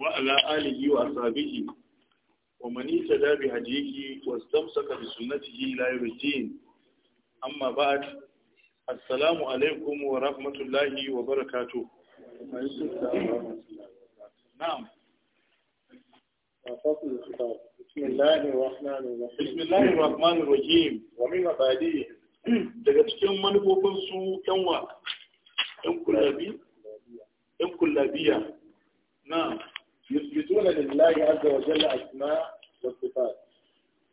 وعلى آله وأصحابه ومن اهتدى بهديه واستمسك بسنته إلى يوم الدين أما بعد السلام عليكم ورحمة الله وبركاته نعم بسم الله الرحمن الرحيم ومن بعده daga cikin manufofin su yan wa yan kullabiya na yusbituna lillahi azza wa jalla asma wa sifat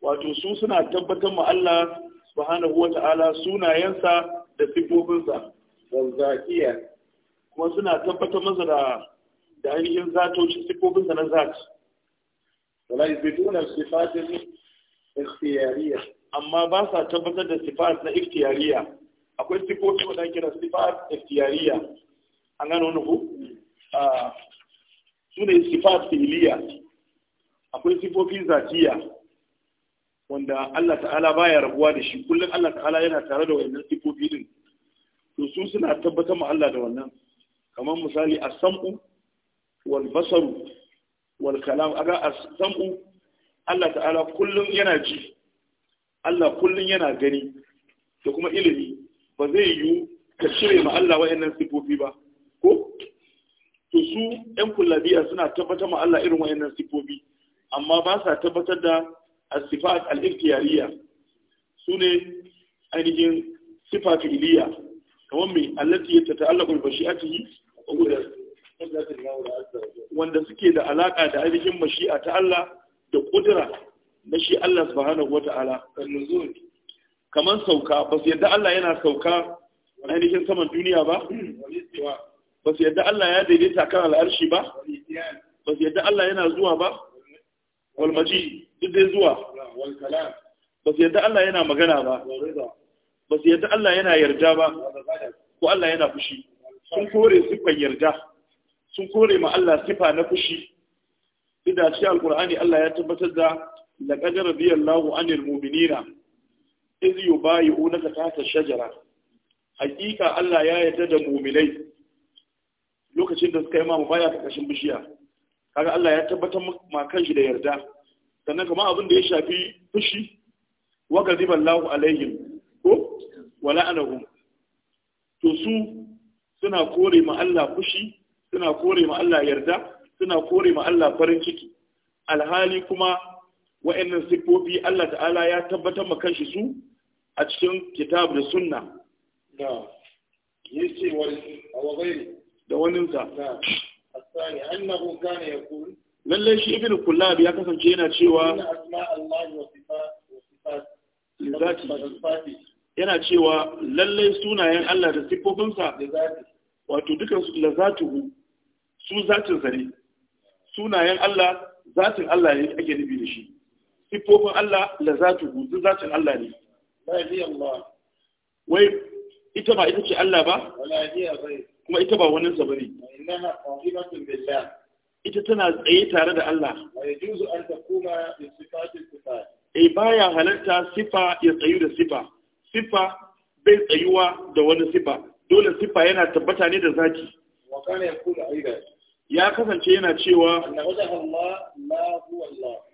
wato su suna tabbatar ma Allah subhanahu wa ta'ala sunayensa da sifofinsa wal zakiya kuma suna tabbatar masa da da ainihin zatoci sifofinsa na zati wala yusbituna sifatin ikhtiyariyya amma ba sa tabbatar da sifat na ikhtiyariyya akwai sifofi wanda kira sifat ikhtiyariyya an gano wannan ko su ne sifat fi'iliya akwai sifofi zatiya wanda Allah ta'ala baya rabuwa da shi kullum Allah ta'ala yana tare da wannan sifofi din to su suna tabbatar ma Allah da wannan kamar misali as-sam'u wal basaru wal kalam aga as-sam'u Allah ta'ala kullum yana ji Allah kullum yana gani da kuma ilimi ba zai yi ka cire ma Allah wa'annan sifofi ba ko to su ƴan kullabiya suna tabbatar ma Allah irin wayannan sifofi amma ba sa tabbatar da asifat sifat al su ne ainihin sifa fi'liya kamar mai allati ya ta mashi'atihi wa wanda suke da alaka da ainihin mashi'a ta Allah da kudura na shi Allah subhanahu wata'ala kamar sauka ba su yadda Allah yana sauka ainihin saman duniya ba ba su yadda Allah ya daidaita kan al'arshi ba ba su yadda Allah yana zuwa ba walmaji duk dai zuwa ba su yadda Allah yana magana ba ba su yadda Allah yana yarda ba ko Allah yana fushi sun kore siffan yarda sun kore ma Allah siffa na fushi duk da cikin alkur'ani Allah ya tabbatar da lahu laqad radiyallahu anil mu'minina iz yubayi'unaka tahta shajara hakika Allah ya yarda da mu'minai lokacin da suka yi ma baya ta kashin bishiya kaga Allah ya tabbatar ma kanshi da yarda sannan kamar abin da ya shafi fushi wa ghadiba lahu alaihim ko wala anahu. to su suna kore ma Allah fushi suna kore ma Allah yarda suna kore ma Allah farin ciki alhali kuma wa'annan sifofi Allah ta'ala ya tabbatar ma kanshi su a cikin kitab da sunna da yace wa da waninsa lallai shi ibn kullab ya kasance yana cewa yana cewa lallai sunayen Allah da siffofinsa wato dukan su lazatuhu su zatin zare sunayen Allah zatin Allah ne ake nufi da shi siffofin Allah lazatuhu su zatin Allah ne wai ita ba ita ce Allah ba wala hiya kuma ita ba wani sa ita tana tsaye tare da Allah wa eh, baya halarta sifa ya tsayu da sifa sifa bai tsayuwa da wani sifa dole sifa yana tabbata ne da zaki ya kasance yana cewa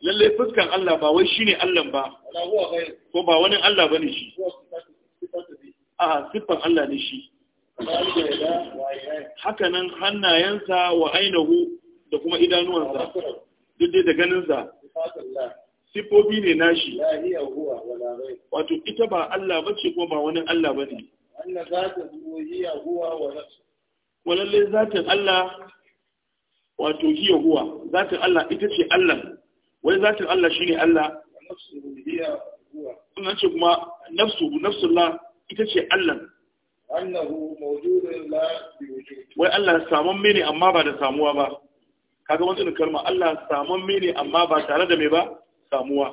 lalle fuskan Allah ba wai shine Allah ba ko ba wani Allah bane shi a siffan Allah ne shi hakanan hannayensa wa ainihu da kuma idanuwansa duk dai da ganinsa sifofi ne nashi wato ita ba Allah ba ce ko ba wani Allah ba ne walalle zatin Allah wato hiya huwa zatin Allah ita ce Allah wani zatin Allah shi ne Allah wannan ce kuma nafsu Allah ita ce Allah wai Allah samun mini amma ba da samuwa ba kaga wani irin kalma Allah samun mini amma ba tare da me ba samuwa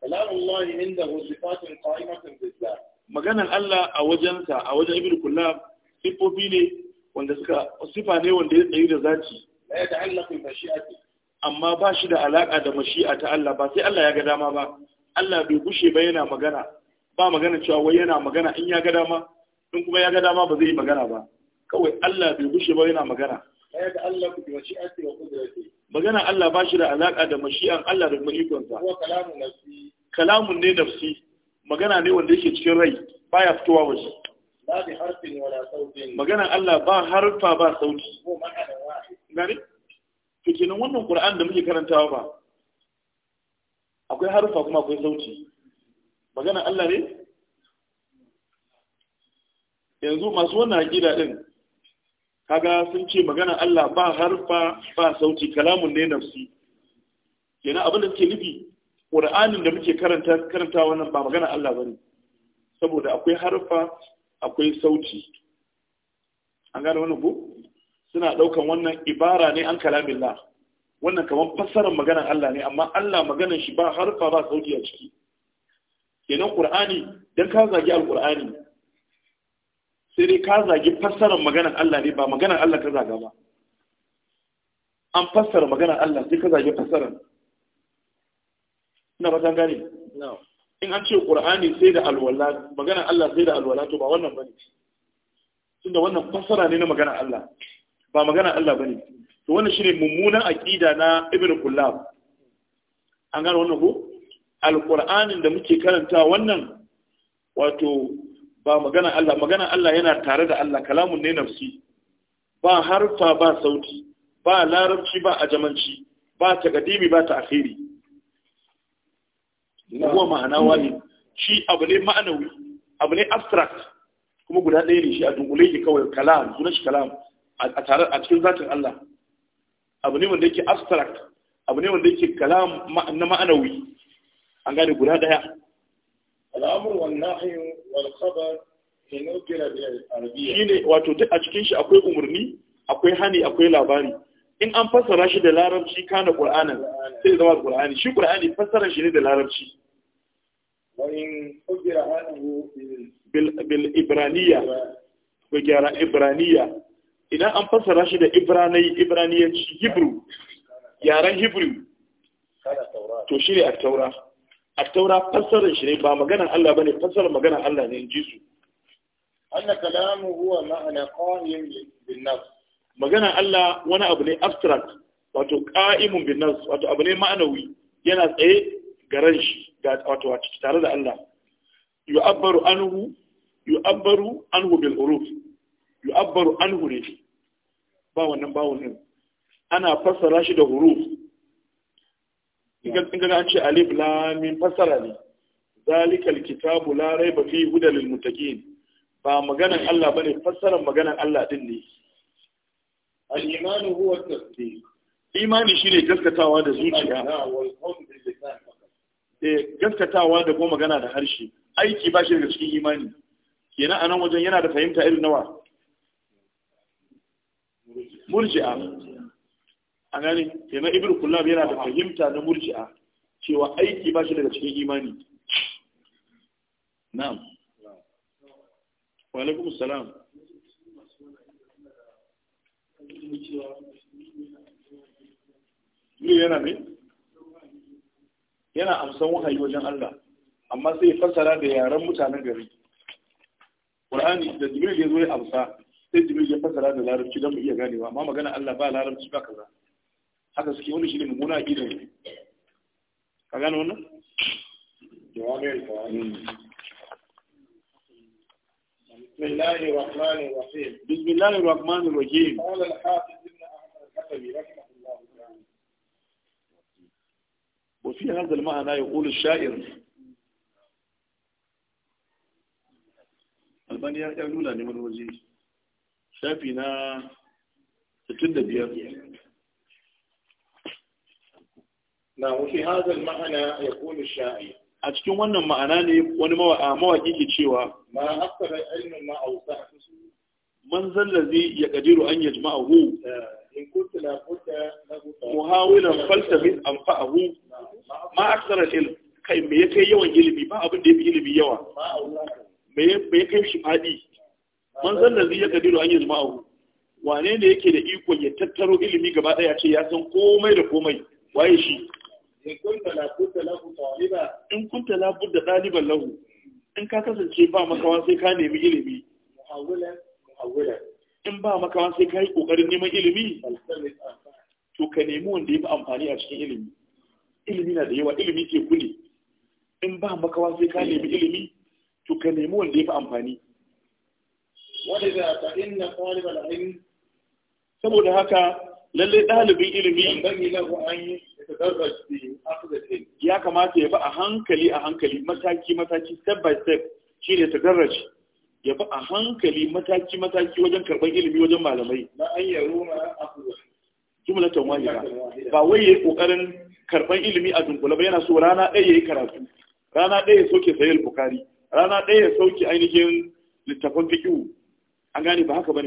kalamullahi indahu sifatun qa'imatun billah maganan Allah a wajensa a wajen ibnu kullab sifofi ne wanda suka sifa ne wanda ya tsayi da zaci la yata'allaqu bi amma ba shi da alaka da mashi'a ta Allah ba sai Allah ya ga dama ba Allah bai gushe ba yana magana ba magana cewa wai yana magana in ya ga dama in kuma ya ga dama ba zai yi magana ba kawai Allah bai gushe ba yana magana magana Allah ba shi da alaka da mashi'an Allah da kuma kalamun ne nafsi magana ne wanda yake cikin rai baya fitowa waje magana Allah ba harfa ba sauti gani to kenan wannan Qur'an da muke karantawa ba akwai harfa kuma akwai sauti magana Allah ne yanzu masu wannan aƙida din kaga sun ce magana Allah ba harfa ba sauti kalamun ne nafsi kenan abin da suke nufi Qur'anin da muke karanta karanta wannan ba magana Allah bane saboda akwai harfa akwai sauti an gane wannan ko suna daukan wannan ibara ne an kalamillah wannan kamar fassarar maganar Allah ne amma Allah maganar shi ba harfa ba sauti a ciki kenan Qur'ani dan ka zagi al-Qur'ani sai dai ka zagi fassarar maganar Allah ne ba maganar Allah ka zaga ba an fassara maganar Allah sai ka zagi fassarar ina ba tan gane in an ce Qur'ani sai da alwala maganar Allah sai da alwala to ba wannan bane tunda wannan fassara ne na maganar Allah ba maganar Allah bane to wannan shine mummunan aqida na Ibn Kullab an gane wannan ko alqur'anin da muke karanta wannan wato ba magana Allah magana Allah yana tare da Allah kalamun ne nafsi ba harfa ba sauti ba larabci ba ajamanci ba taqdimi ba ta ta'khiri huwa ma'ana wani shi abu ne ma'anawi abu ne abstract kuma guda ɗaya ne shi a dunkule ke kawai kalam sunan shi kalam a tare a cikin zatin Allah abu ne wanda yake abstract abu ne wanda yake kalam na ma'anawi an gane guda ɗaya al'amur wal nahyu wal khabar in ukira bil arabiyya shine wato duk a cikin shi akwai umarni akwai hani akwai labari in an fassara shi da larabci kana qur'anan sai zama qur'ani shi qur'ani fassara shi ne da larabci wa in ukira anhu bil bil ibraniyya ko gyara ibraniya idan an fassara shi da ibranai ibraniyanci hebrew yaran hebrew to shi ne a taura a taura fassarar shi ne ba magana Allah bane fassarar magana Allah ne in ji su anna kalamu huwa ma'ana qa'im bin nafs Magana Allah wani abu ne abstract wato qa'imun bin nafs wato abu ne ma'anawi yana tsaye ga ran shi ga wato wato tare da Allah yu'abbaru anhu yu'abbaru anhu bil huruf yu'abbaru anhu ne ba wannan bawon din ana fassara shi da huruf in ga an ce alif lamin fassara ne zalikal kitabu la raiba fi hudal lil muttaqin ba maganan Allah bane fassarar maganan Allah din ne al imanu huwa tasdiq imani shine gaskatawa da zuciya eh gaskatawa da kuma magana da harshe aiki ba shi daga cikin imani kenan anan wajen yana da fahimta irin nawa murji'a a gane kenan ibir kullab yana da fahimta na murji'a cewa aiki ba shi daga cikin imani na'am wa alaikum salam ne yana mai? yana amsan wahayi wajen Allah amma sai ya fassara da yaren mutanen gari Ƙur'ani da Jibril ya zo ya amsa sai Jibril ya fassara da larabci don mu iya ganewa amma magana Allah ba larabci ba kaza haka suke hmm. wani shi ne mummuna gidan بسم الله الرحمن الرحيم بسم الله الرحمن الرحيم قال الحافظ ابن احمد الحسبي رحمه الله تعالى وفي هذا المعنى يقول الشاعر albani يقول لنا neman وزير شافينا na 65 na wufi hazal ma'ana ya kone sha'i a cikin wannan ma'ana ne wani mawaƙi ke cewa ma akthara ilmin ma awsa man zallazi ya qadiru an yajma'ahu eh, in kunta la budda muhawilan faltafit anfa'ahu ma ilm kai me ya kai yawan ilimi ba abin da ya fi ilimi yawa me ya kai shi faɗi man zallazi ya ƙadiru an yajma'ahu wane ne yake da ikon ya tattaro ilimi gaba ɗaya ce ya san komai da komai waye shi in kunta la budda daliba lahu in ka kasance ba makawa sai ka nemi ilimi in ba makawa sai ka yi kokarin neman ilimi to ka nemi wanda ya fi amfani a cikin ilimi ilimi na da yawa ilimi ke kuli in ba makawa sai ka nemi ilimi to ka nemi wanda ya fi amfani wadda ta inna ɗalibar ilimi saboda haka lallai ɗalibin ilimi ya kamata ya bi a hankali a hankali mataki mataki step by step shi ne tadarraj ya bi a hankali mataki mataki wajen karɓar ilimi wajen malamai na an yi roma ta wahida ba wai ya yi kokarin karɓar ilimi a dunkule ba yana so rana ɗaya ya yi karatu rana ɗaya ya soke sayar bukari rana ɗaya ya soke ainihin littafan fiqh an gane ba haka ba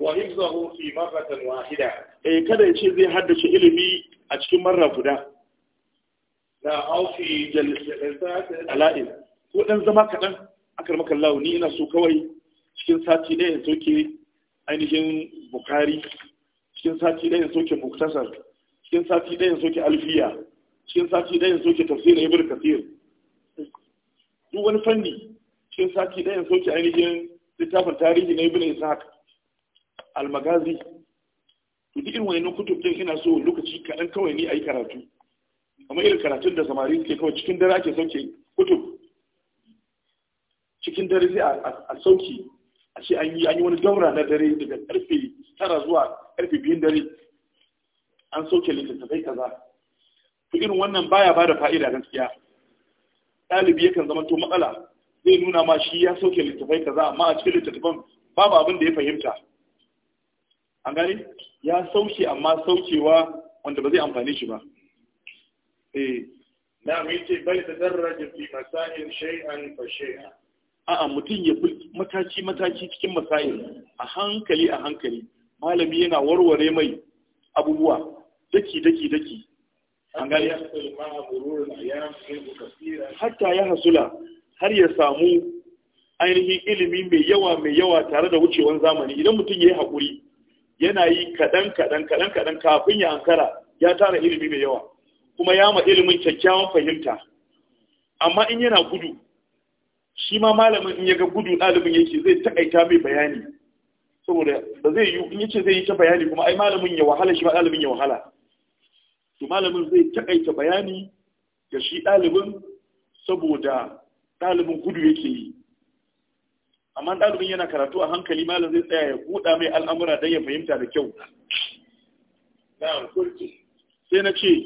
wa hifzahu fi wahida eh kada ya ce zai haddace ilimi a cikin marra guda na aufi ala'in ko dan zama kaɗan akar maka lawo ni ina so kawai cikin sati ɗaya in soke ainihin bukari cikin sati ɗaya in soke muktasar cikin sati ɗaya in soke alfiya cikin sati ɗaya in soke tafsirin ibn kasir duk wani fanni cikin sati ɗaya in soke ainihin littafin tarihi na ibn ishaq almagazi to duk irin wayannan kutub din ina so lokaci kaɗan kawai ni a yi karatu amma irin karatun da samari suke kawai cikin dare ake sauke kutub cikin dare sai a sauki a ce an yi an yi wani daura na dare daga karfe tara zuwa karfe biyun dare an sauke littattafai kaza to irin wannan baya bada fa'ida gaskiya ɗalibi yakan zama to matsala zai nuna ma shi ya sauke littattafai kaza amma a cikin littattafan babu abin da ya fahimta an gane ya sauke amma saukewa wanda ba zai amfani shi ba eh na mu yace bai tadarraja fi masahin shay'an fa shay'an a'a mutum ya mataci mataci cikin masahin a hankali a hankali malami yana warware mai abubuwa daki daki daki an gane hatta ya hasula har ya samu ainihin ilimi mai yawa mai yawa tare da wucewan zamani idan mutum ya yi haƙuri yana yi kaɗan kaɗan kaɗan kaɗan kafin ya ankara ya tara ilimi mai yawa kuma ya ma ilimin kyakkyawan fahimta amma in yana gudu shi ma malamin in ya ga gudu ɗalibin yake zai takaita mai bayani saboda ba zai yi in yace zai yi ta bayani kuma ai malamin ya wahala shi ma ɗalibin ya wahala to malamin zai takaita bayani ga shi ɗalibin saboda ɗalibin gudu yake yi amma ɗalibin yana karatu a hankali malam zai tsaya ya buɗa mai al'amura don ya fahimta da kyau sai na ce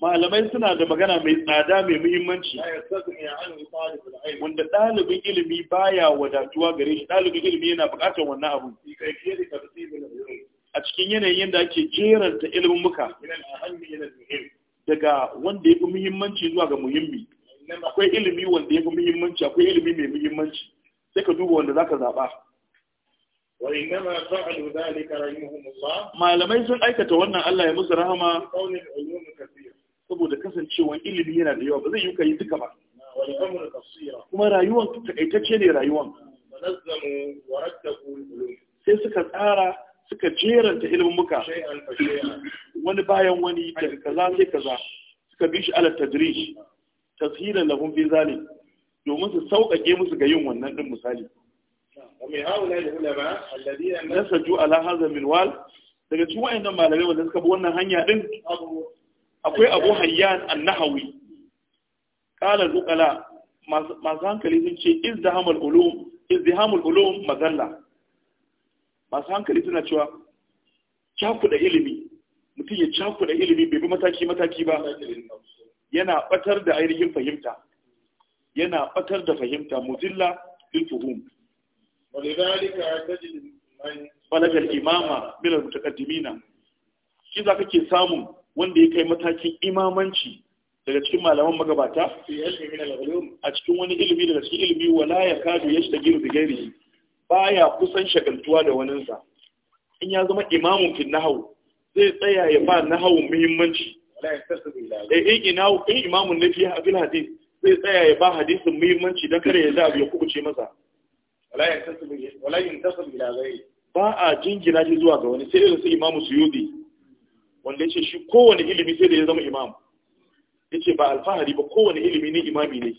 malamai suna da magana mai tsada mai muhimmanci wanda ɗalibin ilimi baya wadatuwa gare shi ɗalibin ilimi yana buƙatar wannan abu a cikin yanayin yadda ake jeranta ilimin muka daga wanda ya fi muhimmanci zuwa ga muhimmi akwai ilimi wanda ya fi muhimmanci akwai ilimi mai muhimmanci sai ka duba wanda zaka zaɓa malamai sun aikata wannan Allah ya musu rahama saboda kasancewa ilimi yana da yawa ba zai yi kai duka ba kuma rayuwar takaitacce ne rayuwan, sai suka tsara suka jeranta ilimin muka wani bayan wani daga kaza sai kaza suka bi shi ala tadrij tashiran lahum fi zalim domin su sauƙaƙe musu ga yin wannan din misali wa min haula ala hadha minwal daga cikin wayannan malamai wanda suka bi wannan hanya din akwai Abu Hayyan an-Nahawi qala zuqala masu hankali sun ce izdihamul ulum izdihamul ulum mazalla masu hankali suna cewa cakuda ilimi mutum ya cakuda ilimi bai bi mataki mataki ba yana batar da ainihin fahimta yana batar da fahimta muzilla lil fuhum walidhalika tajid man imama min al shi zaka ke samun wanda ya kai matakin imamanci daga cikin malaman magabata a cikin wani ilimi daga cikin ilimi wala ya kadu ya shi da girbi gari baya kusan shagaltuwa da waninsa in ya zama imamun fin nahawu zai tsaya ya ba nahawun muhimmanci eh ina in imamun nafi a bil hadis zai tsaya ya ba hadisin muhimmanci dan kare ya zabi ya kubuce masa wala yantasib wala yantasib ila ghairi ba a jingina shi zuwa ga wani sai da su imamu suyudi wanda yace shi kowane ilimi sai da ya zama imam yace ba alfahari ba kowane ilimi ne imami ne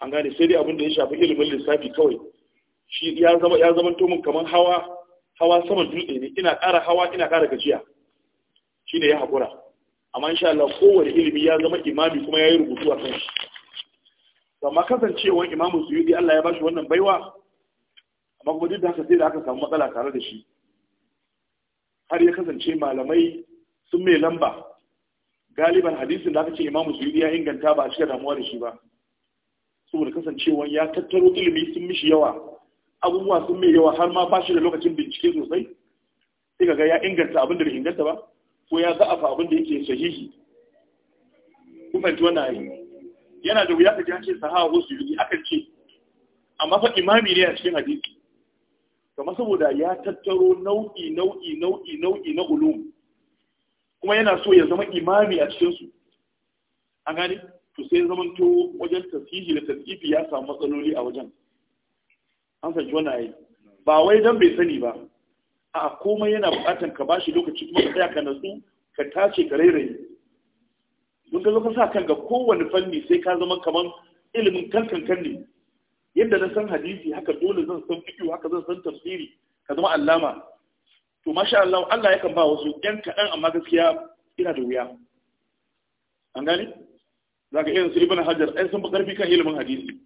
an gane sai dai abin da ya shafi ilimin lissafi kawai shi ya zama ya zama to kaman hawa hawa saman dutse ne ina ƙara hawa ina ƙara gajiya shine ya haƙura amma insha Allah kowane ilimi ya zama imami kuma ya yi rubutu a kan shi amma kasancewar imamu yi Allah ya bashi wannan baiwa amma kuma duk da haka sai da aka samu matsala tare da shi har ya kasance malamai sun mai lamba galiban hadisin da aka ce imamu suyudi ya inganta ba a cika damuwa da shi ba saboda kasancewar ya tattaro ilimi sun mishi yawa abubuwa sun mai yawa har ma ba shi da lokacin bincike sosai sai ga ya inganta abin da bai inganta ba ko ya za'afa abin da yake sahihi ku fahimci wannan ayi yana da wuya ka ji ce sahaba ko suyuti akan ce amma fa imami ne a cikin hadisi kamar saboda ya tattaro nau'i nau'i nau'i nau'i na ulum kuma yana so ya zama imami a cikin su an gane to sai zaman to wajen tasihi da tasifi ya samu matsaloli a wajen an fahimci wannan ayi ba wai dan bai sani ba a komai yana bukatan ka bashi lokaci kuma ka tsaya ka natsu ka tace ka rairaye mun ga zo ka sa kanka kowane fanni sai ka zama kaman ilimin kankan ne yadda na san hadisi haka dole zan san fiqh haka zan san tafsiri ka zama allama to masha Allah Allah yakan ba wasu yan kaɗan amma gaskiya ina da wuya an gani zaka irin su ibn hajar ai sun fi karfi kan ilimin hadisi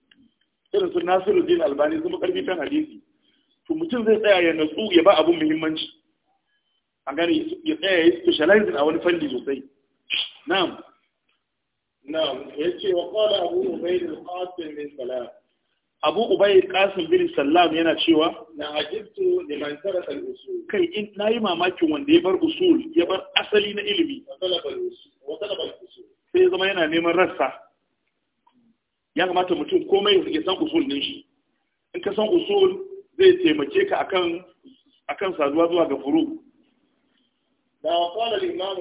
irin su nasiruddin albani sun fi karfi kan hadisi to mutum zai tsaya ya natsu ya ba abun muhimmanci a gani ya tsaya ya specialize a wani fanni sosai na'am na'am ce wa kwada abu ubayd da qasim bin salam abu ubayd kasin bin salam yana cewa na ajibtu liman taraka al-usul kai in yi mamakin wanda ya bar usul ya bar asali na ilimi wa talaba al-usul sai zama yana neman rassa ya kamata mutum komai ya san usul din shi in ka san usul zai taimake ka akan akan saduwa zuwa ga furu da qala al-imam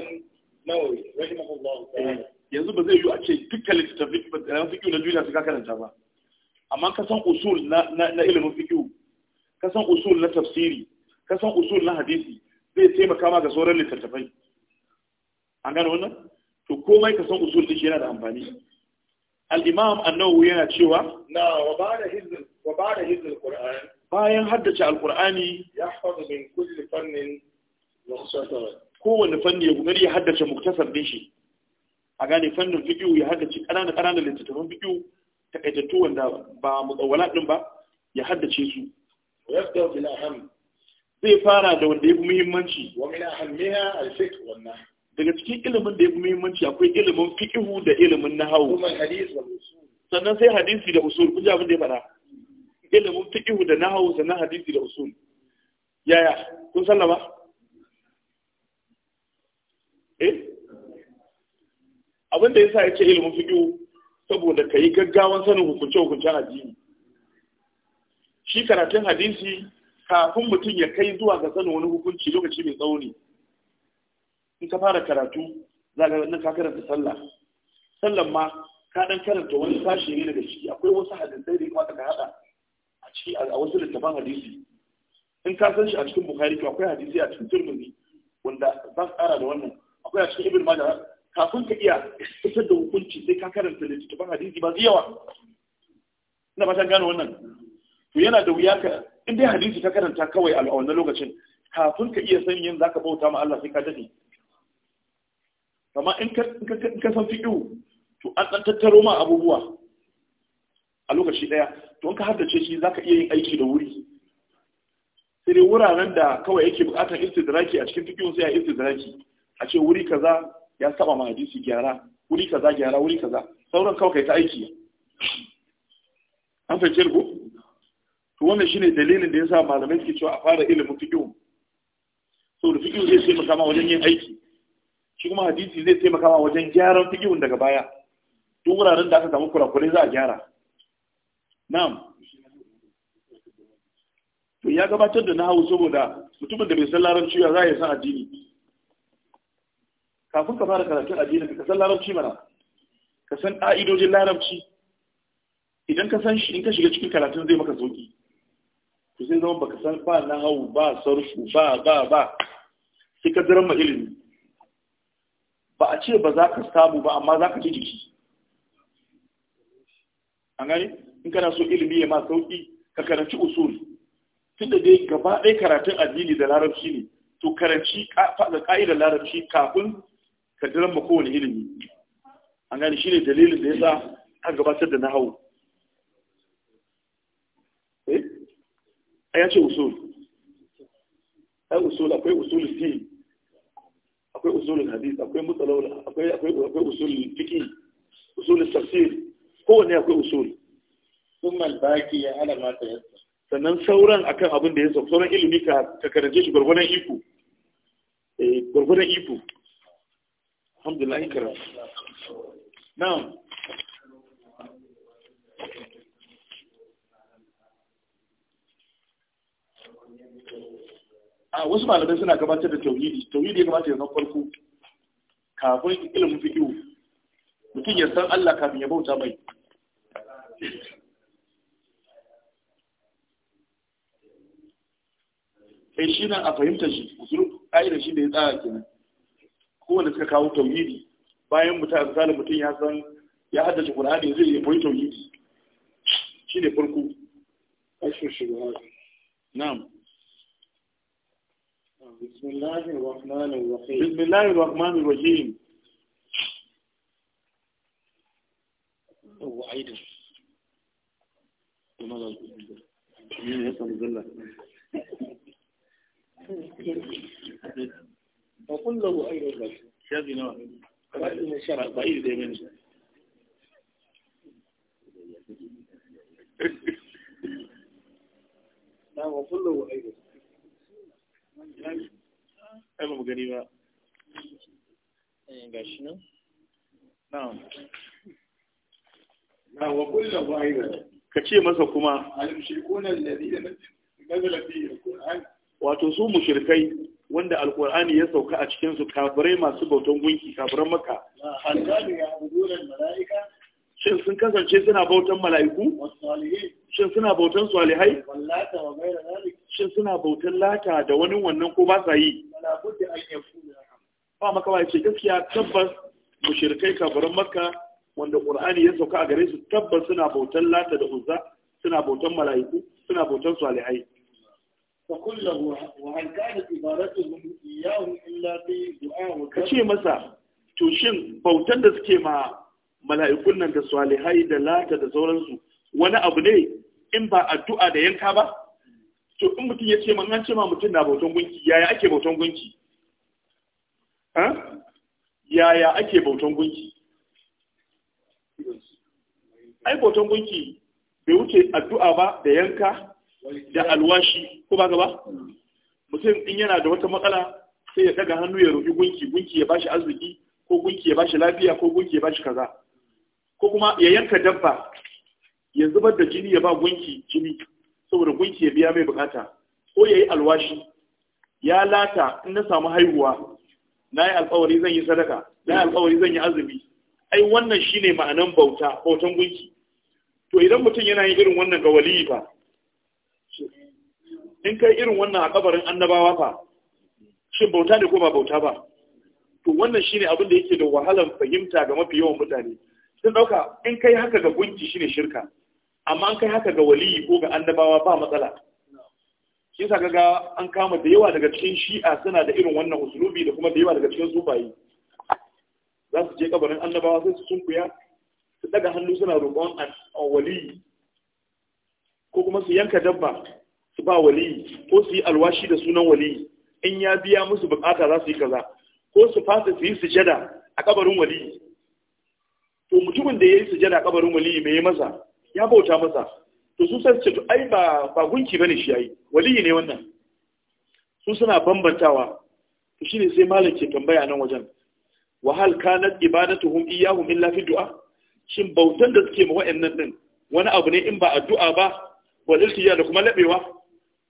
nawawi rahimahullah eh, ta'ala yanzu ba zai yi a ce littafi ba da fiqh na duniya su ka karanta ba amma ka san usul na ilimin fiqh ka san usul na tafsiri ka san usul na hadisi zai taimaka ma ga sauran littattafai an gano wannan to komai ka san usul din shi yana da amfani al-imam an-nawawi yana cewa na wa ba'da hizb wa ba'da hizb al-qur'an bayan haddace alkur'ani ya haɗu min kulli fannin muktasar kowanne fanni ya kokari ya haddace muktasar din shi a gane fannin fiqh ya haddace ƙananan ƙananan littattafan fiqh takaitattu wanda ba mutawala ɗin ba ya haddace su zai fara da wanda ya fi muhimmanci daga cikin ilimin da ya fi muhimmanci akwai ilimin fiqh da ilimin nahawu, sannan sai hadisi da usul kun ji abin da ya faɗa ilimin ihu da nahawu da na hadisi da usul yaya kun ba eh abin da yasa yake ilimin fiqh saboda kai gaggawan sanin hukunce hukuncen addini shi karatun hadisi kafin mutum ya kai zuwa ga sanin wani hukunci lokaci mai tsawo ne in ka fara karatu za ka nan ka karanta sallah sallan ma ka dan karanta wani sashi ne daga ciki akwai wasu hadisai da ya kamata ka hada ciki a wasu littafan hadisi in ka san shi a cikin bukhari to akwai hadisi a cikin turmuzi wanda za su tsara da wannan akwai a cikin ibn majah kafin ka iya fitar da hukunci sai ka karanta littattafan hadisi ba yawa ina fatan gano wannan to yana da wuya ka in dai hadisi ka karanta kawai a wannan lokacin kafin ka iya sanin yin zaka bauta ma Allah sai ka dade amma in ka san fiqhu to an dan tattaro ma abubuwa a lokaci ɗaya to ka haddace shi za ka iya yin aiki da wuri sai dai wuraren da kawai yake buƙatar istidraki a cikin fikin sai ya istidraki a ce wuri kaza ya saba ma hadisi gyara wuri kaza gyara wuri kaza sauran kawai kai ta aiki an fahimce ko to wannan shine dalilin da yasa malamai suke cewa a fara ilimin so da fikin zai taimaka ma wajen yin aiki shi kuma hadisi zai taimaka ma wajen gyaran fikin daga baya duk wuraren da aka samu kurakurai za a gyara na'am to ya gabatar da nahawu saboda mutumin da bai san larabci za za ya san addini kafin ka fara karatun addini ka san larabci mana ka san ƙa'idojin larabci idan ka san shi in ka shiga cikin karatun zai maka zoki. to sai zama baka san ba nahawu ba sarfu ba ba ba sai ka zira ilimi ba a ce ba za ka samu ba amma za ka ji jiki an gani in kana so ilimi ya ma sauki ka karanci usul tun da dai gaba ɗaya karatun addini da larabci ne to karanci faɗa ƙa'idar larabci kafin ka jiran ma kowane ilimi an gani shi ne dalilin da ya sa a gabatar da nahawu eh a yace usul ai usul akwai usul fi akwai usul hadith akwai mutsalawul akwai akwai usul fiqh usul tafsir kowanne akwai usul summal baki ya ala ma tayassar sannan sauran akan abin da ya sauka sauran ilimi ka ka karance shi gurgurdan iko eh gurgurdan iko alhamdulillah ikra na'am a wasu malamai suna gabatar da tauhidi tauhidi ya gabatar da zama farko kafin ilimin fiqh mutum ya san Allah kafin ya bauta mai sai shi nan a fahimtar shi usul ƙa'idar shi da ya tsara kenan kowanne suka kawo tauhidi bayan mutum a misali mutum ya san ya haddace Qur'ani zai yi koyi tauhidi shi ne farko ashin shi na'am بسم الله الرحمن الرحيم بسم الله الرحمن الرحيم وعيدا وماذا ba kullahu ayyar da su shafi nawa ba ina shara ba iri da yamin na ba kullahu ayyar ai ba mu gani ba ga shi nan na na wa kullahu ayyar ka ce kuma wato su mushirkai wanda alkur'ani ya sauka a cikin su kafirai masu bautan gunki kafiran maka. shin sun kasance suna bautan mala'iku shin suna bautan salihai shin suna bautan lata da wani wannan ko ba sa yi ba maka ba ce gaskiya tabbas mushirkai kafiran maka, wanda qur'ani ya sauka a gare su tabbas suna bautan lata da uzza suna bautan mala'iku suna bautan salihai فقل له وهل كانت عبادتهم إياهم إلا في دعاء وكشي مسا to shin bautan da suke ma mala'ikun nan da salihai da lata da sauransu wani abu ne in ba addu'a da yanka ba to in mutum ya ce man an ce ma mutum na bautan gunki yaya ake bautan gunki yaya ake bautan gunki ai bautan gunki bai wuce addu'a ba da yanka da alwashi ko ba gaba mutum in yana da wata matsala sai ya daga hannu ya roƙi gunki gunki ya bashi arziki ko gunki ya bashi lafiya ko gunki ya bashi kaza ko kuma ya yanka dabba ya zubar da jini ya ba gunki jini saboda gunki ya biya mai bukata ko ya yi alwashi ya lata in na samu haihuwa na yi alkawari zan yi sadaka na yi alkawari zan yi azumi ai wannan shine ma'anan bauta bautan gunki to idan mutum yana yin irin wannan ga waliyi ba in kai irin wannan a kabarin annabawa fa shi bauta ne ko ba bauta ba to wannan shine abin da yake da wahalar fahimta ga mafi yawan mutane sun dauka in kai haka ga gunki shine shirka amma an kai haka ga waliyi ko ga annabawa ba matsala shi yasa kaga an kama da yawa daga cikin shi'a suna da irin wannan usulubi da kuma da yawa daga cikin sufayi za su je kabarin annabawa sai su sunkuya su daga hannu suna roƙon waliyi ko kuma su yanka dabba su ba waliyi ko su yi alwashi da sunan waliyi in ya biya musu bukata za su yi kaza ko su fasa su yi sujada a kabarin waliyi to mutumin da ya yi sujada a kabarin waliyi mai yi masa ya bauta masa to su san to ai ba ba gunki bane shi yayi waliyi ne wannan su suna bambantawa to shine sai malam ke tambaya nan wajen wa hal kanat ibadatuhum iyyahum illa fi du'a shin bautan da suke ma wa'annan din wani abu ne in ba addu'a ba wal da kuma labewa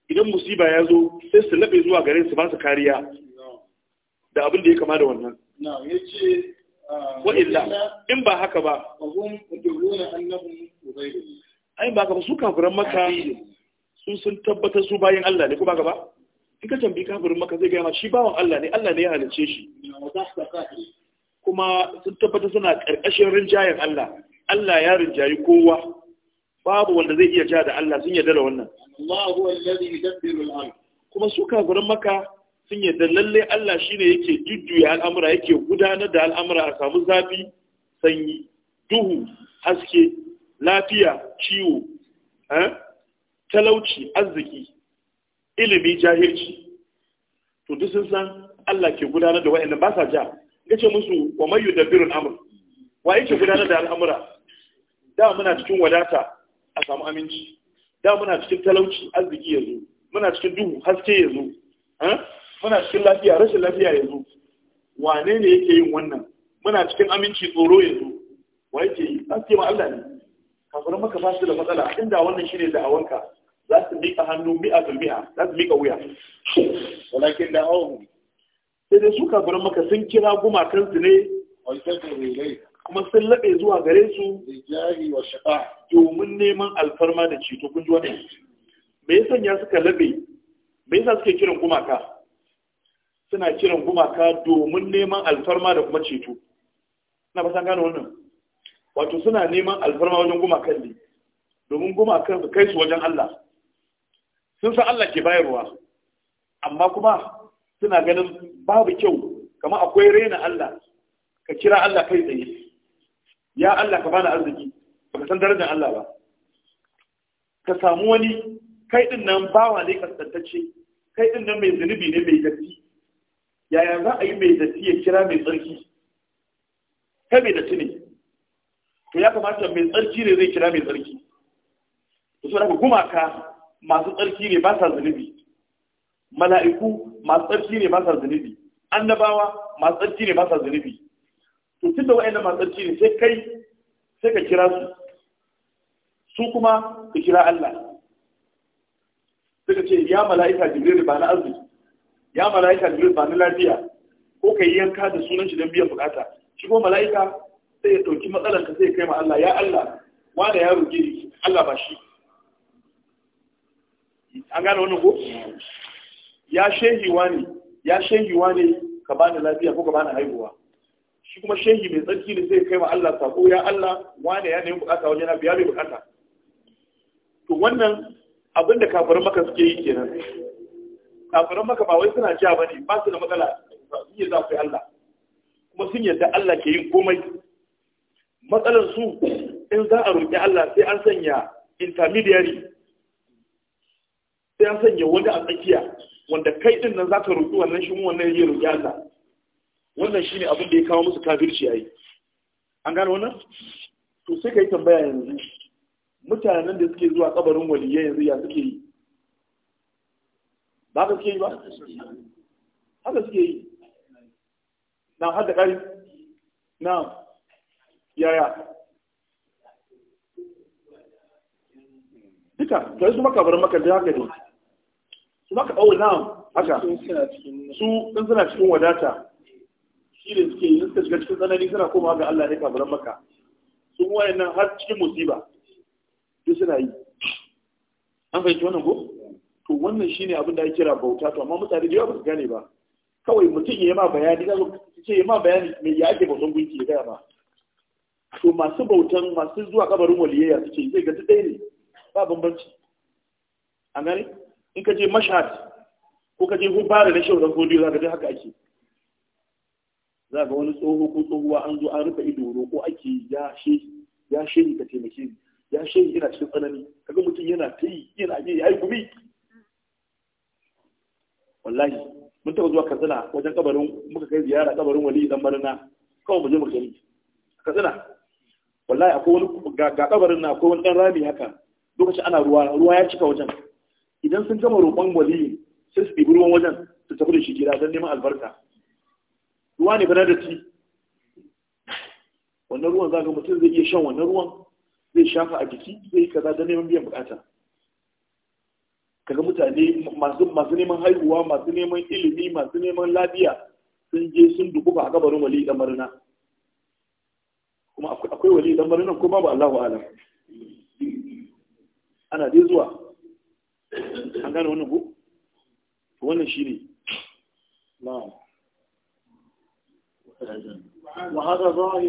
idan musiba ya zo sai su labe zuwa gare su ba su kariya da abin da ya kama da wannan ah, wa illa in ba haka ba ai ba ka ba su kafiran maka sun sun tabbatar su bayan Allah ne ko ba ka ba in ka tambayi kafirin maka zai gaya shi bawan Allah ne Allah ne ya halice shi kuma sun tabbatar suna ƙarƙashin rinjayen Allah Allah ya rinjayi kowa babu wanda zai iya ja da Allah sun yarda da wannan Allahu alladhi yudabbiru al-amr kuma su kafiran maka sun yarda lalle Allah shine yake jujjuya al'amura yake gudanar da al'amura a samu zafi sanyi duhu haske lafiya ciwo eh, talauci arziki ilimi jahilci to duk sun san Allah ke gudanar da wa'annan ba sa ja yace musu wa mayyudabbiru al amr wa yake gudanar da al'amura da muna cikin wadata a samu aminci da muna cikin talauci arziki ya zo muna cikin duhu haske ya zo muna cikin lafiya rashin lafiya ya zo wane ne yake yin wannan muna cikin aminci tsoro ya zo wa yake yi haske ma Allah ne kafirin maka ba su da matsala inda wannan shine da'awanka za su miƙa hannu mi'a da mi'a za su miƙa wuya walakin da'awahum sai dai su kafirin maka sun kira gumakansu ne wa yasbiru ilayka kuma sun laɓe zuwa gare su domin neman alfarma da ceto kun ji wani me yasa ya suka laɓe me yasa suke kiran gumaka suna kiran gumaka domin neman alfarma da kuma ceto na ba san gane wannan wato suna neman alfarma wajen gumakan ne domin gumakan su kai su wajen Allah sun san Allah ke bayarwa amma kuma suna ganin babu kyau kamar akwai raina Allah ka kira Allah kai tsaye ya Allah ka bani arziki ka san darajar Allah ba ka samu wani kai din nan bawa ne kasantacce kai din nan mai zunubi ne mai datti yaya za a yi mai datti ya kira mai tsarki kai mai datti ne to ya kamata mai tsarki ne zai kira mai tsarki to so daga gumaka masu tsarki ne ba sa zunubi mala'iku masu tsarki ne ba sa zunubi annabawa masu tsarki ne ba sa zunubi to tunda na matsarci ne sai kai sai ka kira su su kuma ka kira Allah suka ce ya mala'ika jibril ba na arziki ya mala'ika jibril ba na lafiya ko ka yi yanka da sunan shi don biyan bukata shi ko mala'ika sai ya ɗauki matsalar ka sai kai ma Allah ya Allah wa ya yaro ni Allah ba shi an gane wannan ko ya shehiwa ne ya ba wani ka lafiya ko ka ba ni haihuwa shi kuma shehi mai tsarki ne zai kai wa Allah sako ya Allah wane ya nemi bukata wajen biya mai bukata to wannan abin da kafirin maka suke yi kenan kafirin maka ba wai suna ja ba ne ba su da matsala sun yi zafi Allah kuma sun yadda Allah ke yin komai matsalar su in za a roƙi Allah sai an sanya intermediary sai an sanya wanda a tsakiya wanda kai din nan za ka roƙi wannan shi mu wannan ya roƙi Allah wannan shi ne abin da ya kawo musu kafirci yi. an gano wannan to sai yi tambaya yanzu mutanen da suke zuwa kabarin waliyai yanzu ya suke yi ba ka suke yi ba haka suke yi na haka ƙari na yaya duka yi su makabarin makarci haka ne su maka oh na haka su in suna cikin wadata shi da suke yi suka shiga cikin tsanani suna koma ga Allah ne kafiran maka sun waye nan har cikin musiba duk suna yi an fahimci wannan ko to wannan shine abin da ake kira bauta to amma mutane da yawa ba su gane ba kawai mutum ya yi ma bayani za su ce ya ma bayani me ya ake bautan gunki ya gaya ba to masu bautan masu zuwa kabarin waliyayya suke zai ga ɗaya ne ba bambanci an gane in ka je mashhad ko ka je hubbara na shehu dan godiyo za ka je haka ake za ga wani tsoho ko tsohuwa an zo an rufe ido roƙo ake ya shehi ya shehi ka taimake ni ya ni ina cikin tsanani kaga mutum yana ta yi yana yi ya yi gumi wallahi mun taɓa zuwa katsina wajen kabarin muka kai ziyara kabarin wali dan barina kawai mu je mu gani katsina wallahi akwai wani ga kabarin na akwai wani dan rami haka lokacin ana ruwa ruwa ya cika wajen idan sun gama roƙon wali sai su ɗibi ruwan wajen su tafi da shi gida don neman albarka ruwa ne bana da ci wannan ruwan za ka mutum zai iya shan wannan ruwan zai shafa a jiki zai kaza da neman biyan bukata kaga mutane masu neman haihuwa masu neman ilimi masu neman lafiya sun je sun dubu ba a gabarin wali dan marina kuma akwai wali dan marina ko babu Allahu alam ana dai zuwa an gane wannan ko wannan shine na'am wa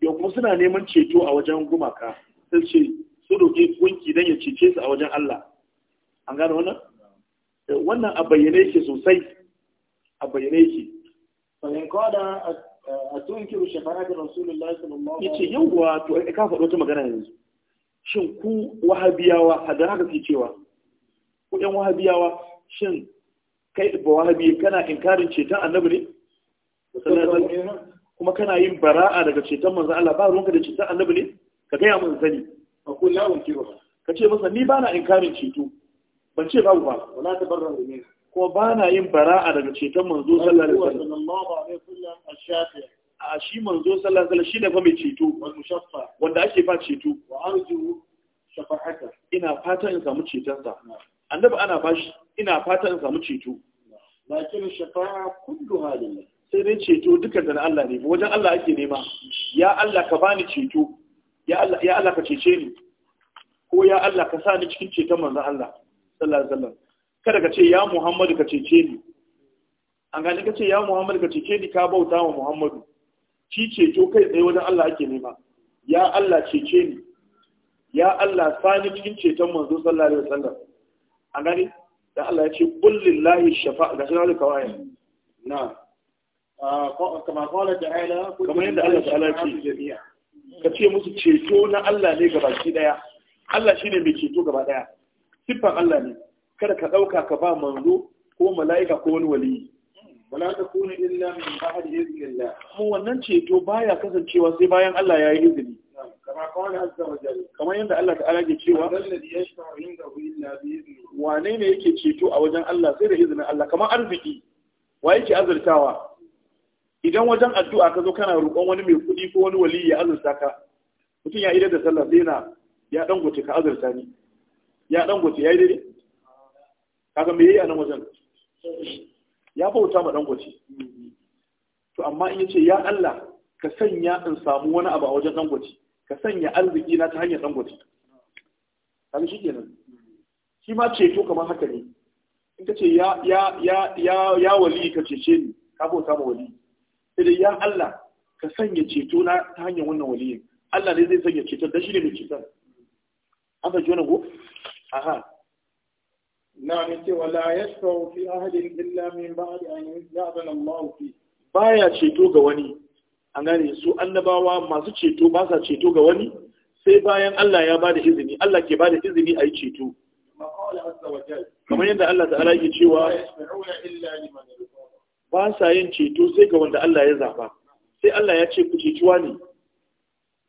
yau kuma suna neman ceto a wajen gumaka sai ce su roƙi gunki don ya cece su a wajen Allah an gane wannan wannan a bayyane ke sosai a bayyane yake bayan kada a tunkiru shafa'atin rasulullahi sallallahu alaihi wasallam yace to ai ka faɗo ta magana yanzu shin ku wahabiyawa hadara haka ke cewa ku ɗan wahabiyawa shin kai ba wahabi kana inkarin ceton annabi ne kuma kana yin bara'a daga ceton manzo Allah ba ruwanka da ceton annabi ne ka gaya mun sani la ka ce masa ni bana inkarin ceto ban ce babu ba wala kuma bana yin bara'a daga ceton manzo sallallahu alaihi wasallam a shi manzo sallallahu alaihi ceto wanda ake fa ceto ina fata in samu cetonsa annabi ana bashi ina fata sai dai ceto dukkan da Allah ne wajen Allah ake nema ya Allah ka bani ceto ya Allah ya Allah ka cece ni ko ya Allah ka sa ni cikin ceton manzon Allah sallallahu alaihi wasallam kada ka ce ya Muhammadu ka cece ni an gani ka ce ya Muhammadu ka cece ni ka bauta wa Muhammadu Ci ceto kai tsaye wajen Allah ake nema ya Allah cece ni ya Allah sa ni cikin ceton manzo sallallahu alaihi wasallam an gani da Allah ya ce kullillahi shafa'a ga shi kawai na kama kawala ta'ala kamar yadda Allah ta'ala ce ka ce musu ceto na Allah ne gaba ki daya Allah ne mai ceto gaba daya siffan Allah ne kada ka ɗauka ka ba manzo ko mala'ika ko wani waliyi wala ta takunu illa min ba'di idhnillah mu wannan ceto baya kasancewa sai bayan Allah ya yi izini kama kawala azza wa jalla kamar yadda Allah ta'ala ke cewa alladhi yashfa'u indahu wane ne yake ceto a wajen Allah sai da izinin Allah kamar arziki wa yake azurtawa idan wajen addu'a ka zo kana roƙon wani mai kuɗi ko wani wali ya azurta ka mutum ya idar da sallah sai na ya dan goce ka azurta ni ya dan goce ya yi kaga me yayi a nan wajen ya bauta ma dan goce to amma in yace ya Allah ka sanya in samu wani abu a wajen dan goce ka sanya arziki na ta hanyar dan goce kaga shikenan shi ma ceto kamar haka ne in ka ce ya ya ya ya wali ka cece ni ka bauta ma wali sai ya Allah ka sanya ceto na ta hanyar wannan waliyi Allah ne zai sanya ceto, da shi ne mai ceto an ga jona go aha na ne ce wala yashfa'u fi ahadin illa min ba'di an ya'zana Allah fi baya ceto ga wani an gane su annabawa masu ceto ba sa ceto ga wani sai bayan Allah ya bada izini Allah ke bada izini a yi ceto kamar yadda Allah ta'ala yake cewa ba sa yin ceto sai ga wanda Allah ya zaba sai Allah ya ce ku cetuwa ne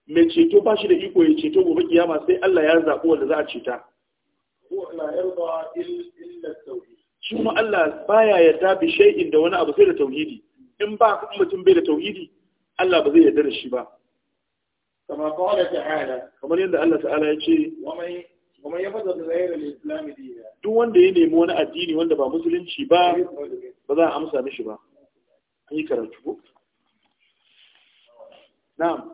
mai ceto ba shi da iko ya ceto gobe kiyama sai Allah ya zaɓi wanda za a ceta shi kuma Allah baya yarda bi shay'in da wani abu sai da tauhidi in ba mutum bai da tauhidi Allah ba zai yarda da shi ba kamar yadda Allah ta'ala ya ce wa duk wanda ya nemi wani addini wanda ba musulunci ba ba za a amsa mishi ba an yi karatu ko na'am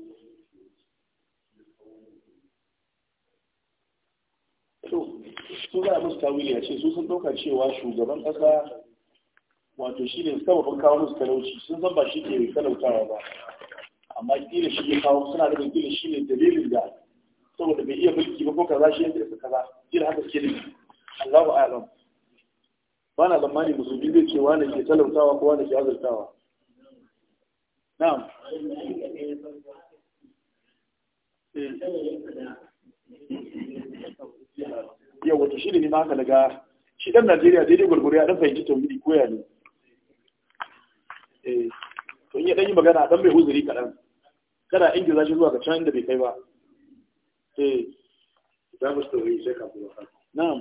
Thank you. to su za a musu tawili a ce su sun ɗauka cewa shugaban ƙasa wato shi ne sababin kawo musu talauci sun san ba shi ke talautawa ba amma kila shi ne kawo suna da kila shi ne dalilin da saboda bai iya mulki ba ko kaza shi yadda kaza kila haka ke da Allahu a'lam ba na zamani musulmi zai ce wani ke talautawa ko wani ke azurtawa na'am yau wato shi ne ne maka daga shi ɗan najeriya daidai gwargwaro ya ɗan fahimci tauhidi ko ya ne eh, to in ya ɗan yi magana ɗan bai huzuri kaɗan kada inda za shi zuwa ga can da bai kai ba eh. za mu tauhidi sai kafin wa na'am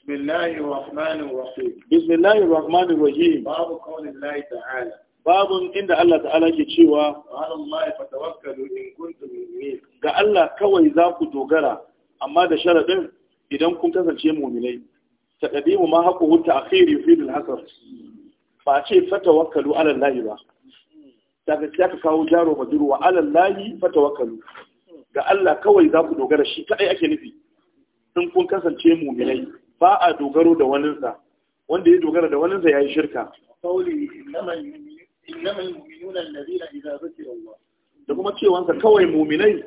بسم الله الرحمن الرحيم بسم الله الرحمن الرحيم باب قول الله تعالى babun inda Allah ta'ala ke cewa ga Allah kawai za ku dogara amma da sharaɗin idan kun kasance mominai ta mu ma haƙo wuta a fi filin hasar ba ce fata wakalu alal layi ba daga ya ka kawo jaro majuru wa alal layi fata wakalu ga Allah kawai za ku dogara shi kaɗai ake nufi in kun kasance mominai ba a dogaro da waninsa wanda ya dogara da waninsa ya yi shirka. Kauli, innama yu'minuna allazina idza zikira Allah da kuma cewansa kawai mu'minai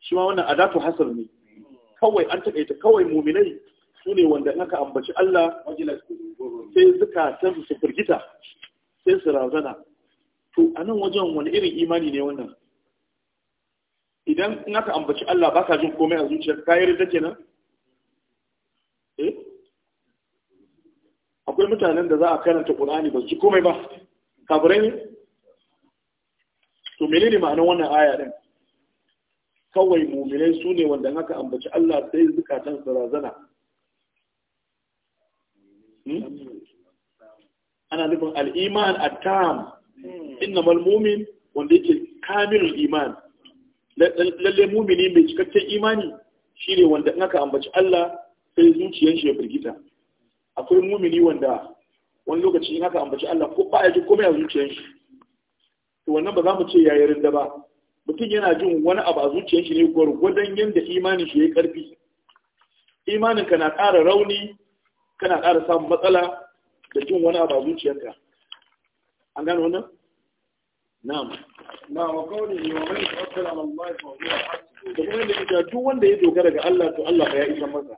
shi ma wannan adatu hasar ne kawai an takaita kawai mu'minai su ne wanda in aka ambaci Allah sai suka zukatan su firgita sai su razana to a nan wajen wani irin imani ne wannan idan in aka ambaci Allah baka jin komai a zuciyar ka yarda kenan eh akwai mutanen da za a karanta Qur'ani ba su ji komai ba kafirai to to menene ma'anar wannan aya din kawai muminai su ne wanda haka ambaci Allah sai zukatan su razana hmm? ana nufin al'iman a tam hmm. inna malmumin wanda yake kamilul iman lalle mumini mai cikakken imani shi ne wanda haka ambaci Allah sai zuciyar shi ya firgita akwai mumini wanda wani lokaci in aka ambaci Allah ko ba ya ji komai a zuciyar shi to wannan ba za mu ce yayi rinda ba mutum yana jin wani abu a zuciyar shi ne gwargwadon yadda imanin shi yayi karfi imanin ka na ƙara rauni kana ƙara samun matsala da jin wani abu a zuciyarka an gano wannan na'am na wa kawai ne wa mai tawakkal ala Allah fa huwa hasbuh da kuma yadda duk wanda ya dogara ga Allah to Allah ya isa masa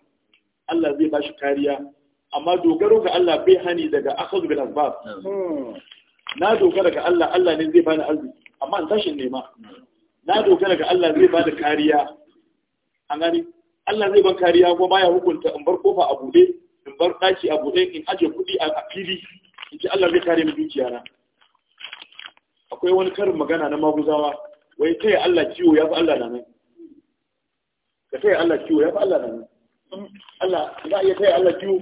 Allah zai ba shi kariya amma dogaro ga Allah bai hani daga akhadhu bil asbab na dogara ga Allah Allah ne zai bani arziki amma an tashin nema na dogara ga Allah zai bani kariya an gani Allah zai ban kariya ko baya hukunta in bar kofa a bude in bar daki a bude in aje kudi a fili in ji Allah zai kare mu dukiya na akwai wani karin magana na maguzawa wai kai Allah ciwo ya fi Allah na nan ka kai Allah ciwo ya fi Allah na nan Allah za a iya kai Allah ciwo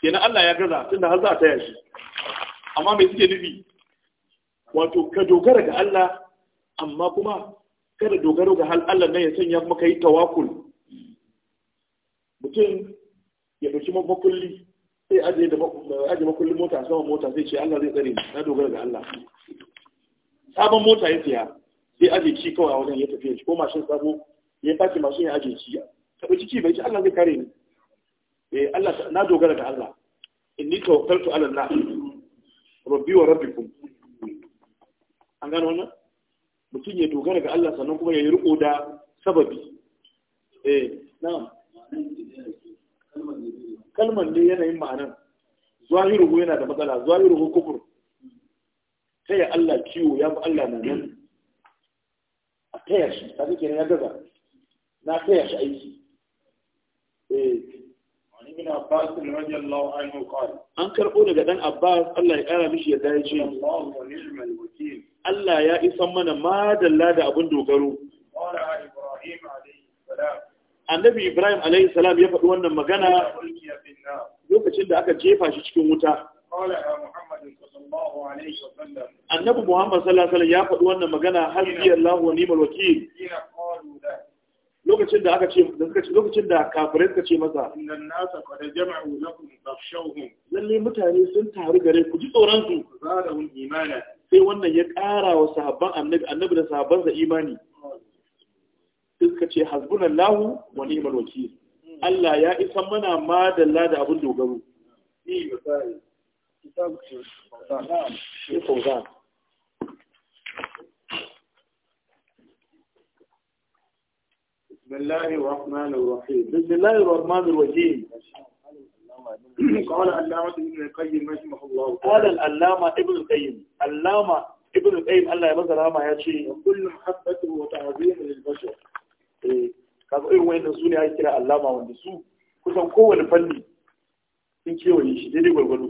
kenan Allah ya gaza tunda har za a taya shi amma mai suke nufi wato ka dogara ga Allah amma kuma kada dogaro ga hal Allah na ya sanya maka yi tawakul mutum ya dauki makulli sai aje da makullin mota sama mota sai ce Allah zai tsare na dogara ga Allah sabon mota ya siya sai aje ci kawai a wajen ya tafiya ko mashin sabo ya faki mashin ya aje ci ya tabi ciki bai ci Allah zai kare ni eh Allah na dogara ga Allah inni tawakkaltu ala Allah rabbi wa rabbikum an gano wannan mutum ya dogara ga Allah sannan kuma ya yi riko da sababi eh na'am kalman ne yanayin ma'anar zahiruhu yana da matsala zahiruhu kufur taya Allah ciwo ya fi Allah na nan a taya shi ta kenan ya gaza na taya shi aiki eh, ابن عباس رضي الله عنه قال أن كربونا قدن عباس ya يقال مش ya الله ونعم الوكيل الله يا إسمنا ما da أبن دوغرو قال إبراهيم عليه السلام annabi ibrahim alayhi salam ya faɗi wannan magana lokacin da aka jefa shi cikin wuta annabi muhammad sallallahu alaihi wasallam ya faɗi wannan magana hasbi allah wa ni'mal wakil lokacin da aka ce da suka ce lokacin da kafirai suka ce masa innan nasa qad jama'u lakum fakhshawhum lalle mutane sun taru gare ku ji tsoron su zadahum imana sai wannan ya ƙara wa sahabban annabi annabi da sahabban sa imani suka ce hasbunallahu wa ni'mal wakil Allah ya isa mana ma dalla da abin dogaro ni misali Kitabu ce fa'ala shi fa'ala بسم الله الرحمن الرحيم بسم الله الرحمن الرحيم قال العلامة ابن القيم رحمه الله قال العلامة ابن القيم العلامة ابن القيم الله يبارك يا شيخ كل محبته وتعظيمه للبشر kaga irin wayannan su ne ake kira allama wanda su kusan kowane fanni sun kewaye shi daidai gwargwado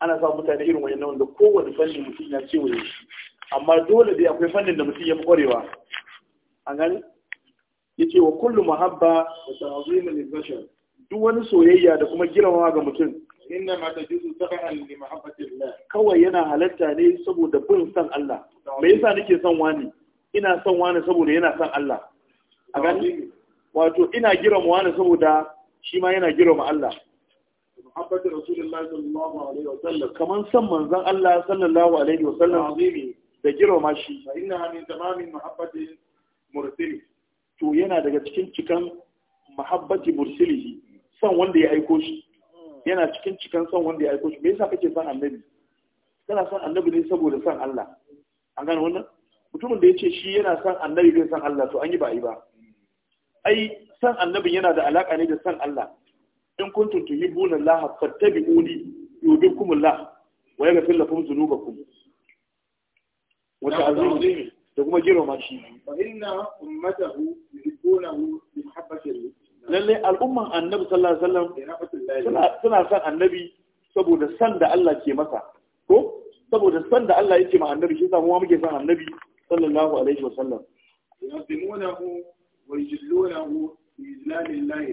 ana sa mutane irin wayannan wanda kowane fanni mutum ya kewaye shi amma dole dai akwai fannin da mutum ya fi kwarewa yace wa kullu mahabba wa ta'zima lil bashar duk wani soyayya da kuma girmama ga mutum inna ma li kawai yana halatta ne saboda bin san Allah me yasa nake son wani ina son wani saboda yana son Allah a gani wato ina girmama wani saboda shi ma yana girmama Allah rasulullahi sallallahu alaihi wa sallam kaman san manzon Allah sallallahu alaihi wa sallam da girmama shi inna min tamamin to yana daga cikin cikan mahabbati mursilihi son wanda ya aiko shi yana cikin cikan son wanda ya aiko shi me yasa kake son annabi kana son annabi ne saboda son Allah an gane wannan mutumin da yace shi yana son annabi bai son Allah to an yi ba ai ba ai son annabi yana da alaka ne da son Allah in kuntum tuhibbuna Allah fattabi'uni yuhibbukumullah wa yaghfir lakum dhunubakum wa ta'zimu da kuma girma shi fa inna ummatahu yuhibbunahu bi mahabbatihi lalle al'umman annabi sallallahu alaihi wasallam suna suna san annabi saboda san da Allah ke masa ko saboda san da Allah yake ma annabi shi yasa mu muke san annabi sallallahu alaihi wasallam yuhibbunahu wa yujillunahu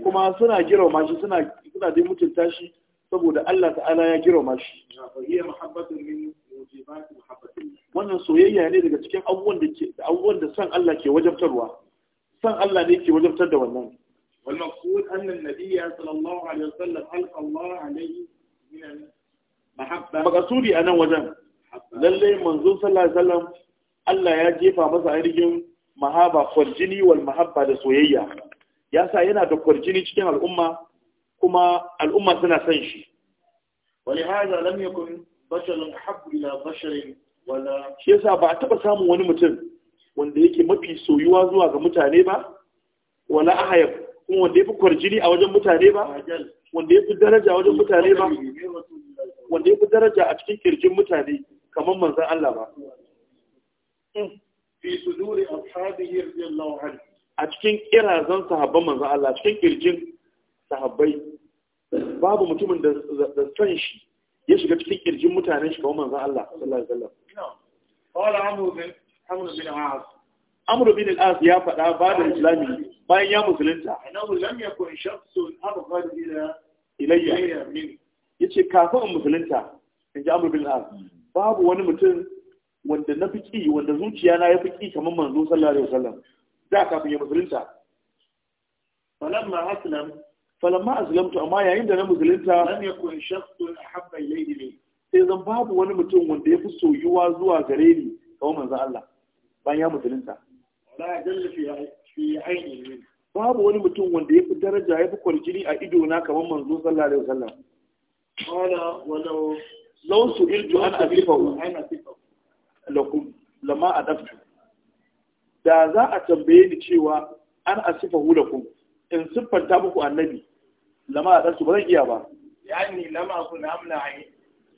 kuma suna girma shi suna suna dai mutunta shi saboda Allah ta'ala ya girma shi wannan soyayya ne daga cikin abubuwan da san Allah ke wajabtarwa san Allah ne ke wajabtar da wannan wal maqsud anna an sallallahu alaihi wasallam halqa Allah anan wajen lalle manzon sallallahu alaihi wasallam Allah ya jefa masa ainihin mahaba kwarjini wal mahabba da soyayya ya sa yana da kwarjini cikin al'umma ولهذا لم يكن basharin basharin wala shi yasa ba a taba samun wani mutum wanda yake mafi soyuwa zuwa ga mutane ba wala ahayab kuma wanda yafi kwarjini a wajen mutane ba wanda yafi daraja a wajen mutane ba wanda yafi daraja a cikin kirjin mutane kamar manzon Allah ba hmm. fi suduri ashabihi radiyallahu anhu a cikin kirazan sahabban manzon Allah cikin kirjin sahabbai babu mutumin da da san shi ya shiga cikin kirjin mutanen shi kawai manzon Allah sallallahu alaihi wasallam qala amru bin amru bin al-as amru bin al-as ya faɗa ba da islami bayan ya musulunta annahu lam yakun shakhsun abghad ila ilayya min yace kafin in musulunta in ji amru bin al-as babu wani mutum wanda na fi ki wanda zuciya na ya fi ki kamar manzo sallallahu alaihi wasallam da kafin ya musulunta falamma aslam falamma aslamtu amma yayin da na musulunta lam yakun shakhsun ahab babu wani mutum wanda ya fi soyuwa zuwa gare ni kawai manzan Allah bayan ya musulunta babu wani mutum wanda ya fi daraja ya fi kwarjini a ido na kamar manzo sallallahu alaihi wasallam qala walau law su'iltu an asifahu lakum lama adaftu da za a tambaye ni cewa an asifahu lakum in siffanta muku annabi lama adaftu ba zan iya ba yani lama kun amna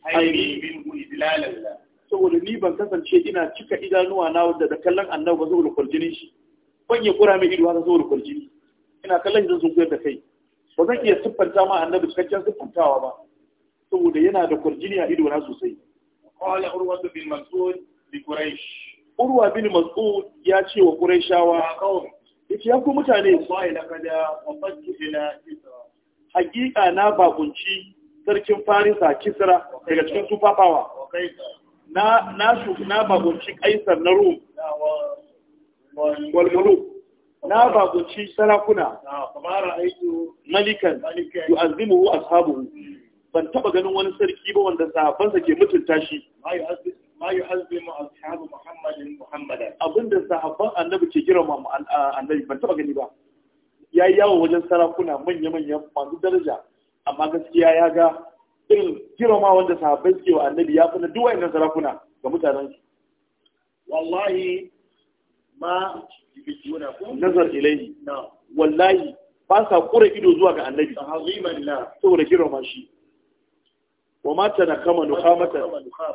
aini minhu idlalan saboda ni ban kasance ina cika idanuwa na wanda da kallon annabi ba saboda kwarjinin shi ban ya kura mai ido haka saboda kwarjini ina kallon shi zan da kai ba zan iya siffanta ma annabi cikakken siffantawa ba saboda yana da kwarjini a ido na sosai qala urwa bin mas'ud li quraish urwa bin mas'ud ya ce wa quraishawa yace ya ku mutane wallahi laqad wafattu ila isra haqiqa na bakunci sarkin farisa kisra daga cikin tufafawa. na na na bagunci kaisar na rum walmulu na bagunci sarakuna malikan yu'azzimuhu ashabu ban taba ganin wani sarki ba wanda sahabansa ke mutunta shi ma yu'azzimu ashabu muhammadin muhammadin abinda sahabban annabi ke girma annabi ban taba gani ba Ya yi yawon wajen sarakuna manya-manya masu daraja amma gaskiya ya ga irin girma wanda sahabbai suke wa annabi ya fi na duk sarakuna ga mutanen su wallahi ma nazar ilaihi wallahi ba sa kura ido zuwa ga annabi saboda girma shi wa mata na kama nukamata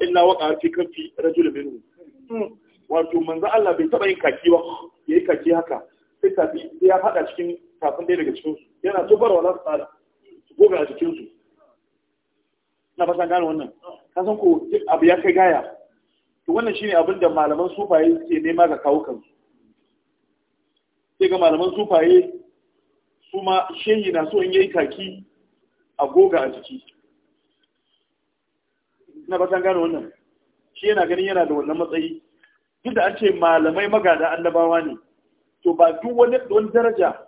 illa waka fi kafi rajul minhu hmm. wato manzo Allah bai taba yin kaki ba yayi kaki haka sai tafi sai ya fada cikin tafin dai daga cikin yana bar wala tsada goga a jikinsu na fasa gane wannan kasan ko abu ya kai gaya to wannan shine abin da malaman sufaye suke nema ga kawo kansu sai ga malaman sufaye su ma shehi na so in yayi kaki a goga a jiki na fasa gane wannan shi yana ganin yana da wannan matsayi duk da an ce malamai magada annabawa ne to ba duk wani daraja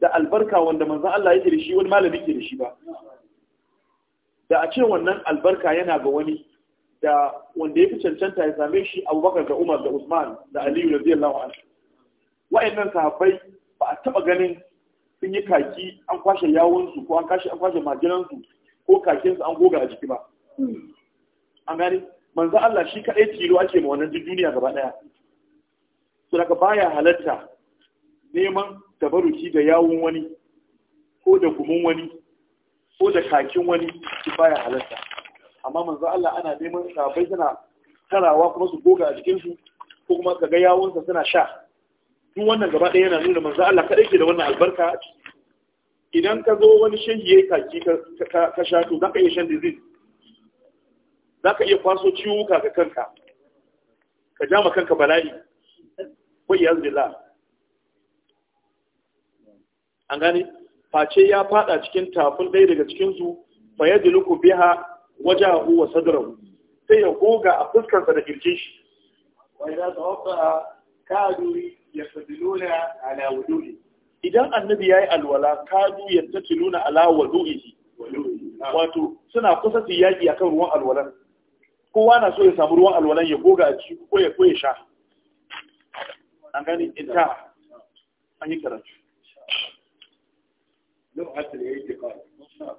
da albarka wanda manzan Allah yake da shi wani malami ke da shi ba da a ce wannan albarka yana ga wani da wanda ya fi cancanta ya same shi abubakar da umar da usman da aliyu da zai lawa wa'annan sahabbai ba a taba ganin sun yi kaki an kwashe yawonsu ko an kashi an kwashe majinansu ko kakinsu an goga a jiki ba an gani manzan Allah shi kaɗai tilo ake ma wannan duniya gaba ɗaya su daga baya halatta neman tabaruki da yawun wani ko da gumin wani ko da kakin wani su baya halatta amma manzo Allah ana neman sabai suna tarawa kuma su goga a jikinsu ko kuma kaga yawunsa suna sha duk wannan gaba ɗaya yana nuna manzo Allah kaɗai ke da wannan albarka idan ka zo wani shehi yayi kaki ka sha to zaka iya shan disease zaka iya kwaso ciwuka ga kanka ka ja ma kanka bala'i wa iyaz an gane face ya fada cikin tafin ɗaya daga cikin su fa yadluku biha wajahu wa sadrahu sai ya goga a fuskarsa da kirjin shi wa idza tawaffa kadu yafdiluna ala wudu'i idan annabi yayi alwala kadu yattatiluna ala wudu'ihi wato suna kusa su yaki akan ruwan alwalan kowa na so ya samu ruwan alwalan ya goga a ciki ko ya ko ya sha an gani an yi karatu لغة الاعتقاد شاء الله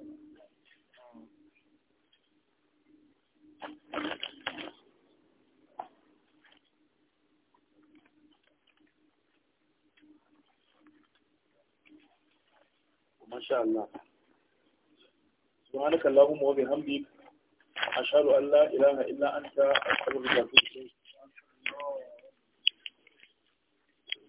ما شاء الله سبحانك اللهم وبحمدك أشهد أن لا إله إلا أنت أستغفرك وأتوب إليك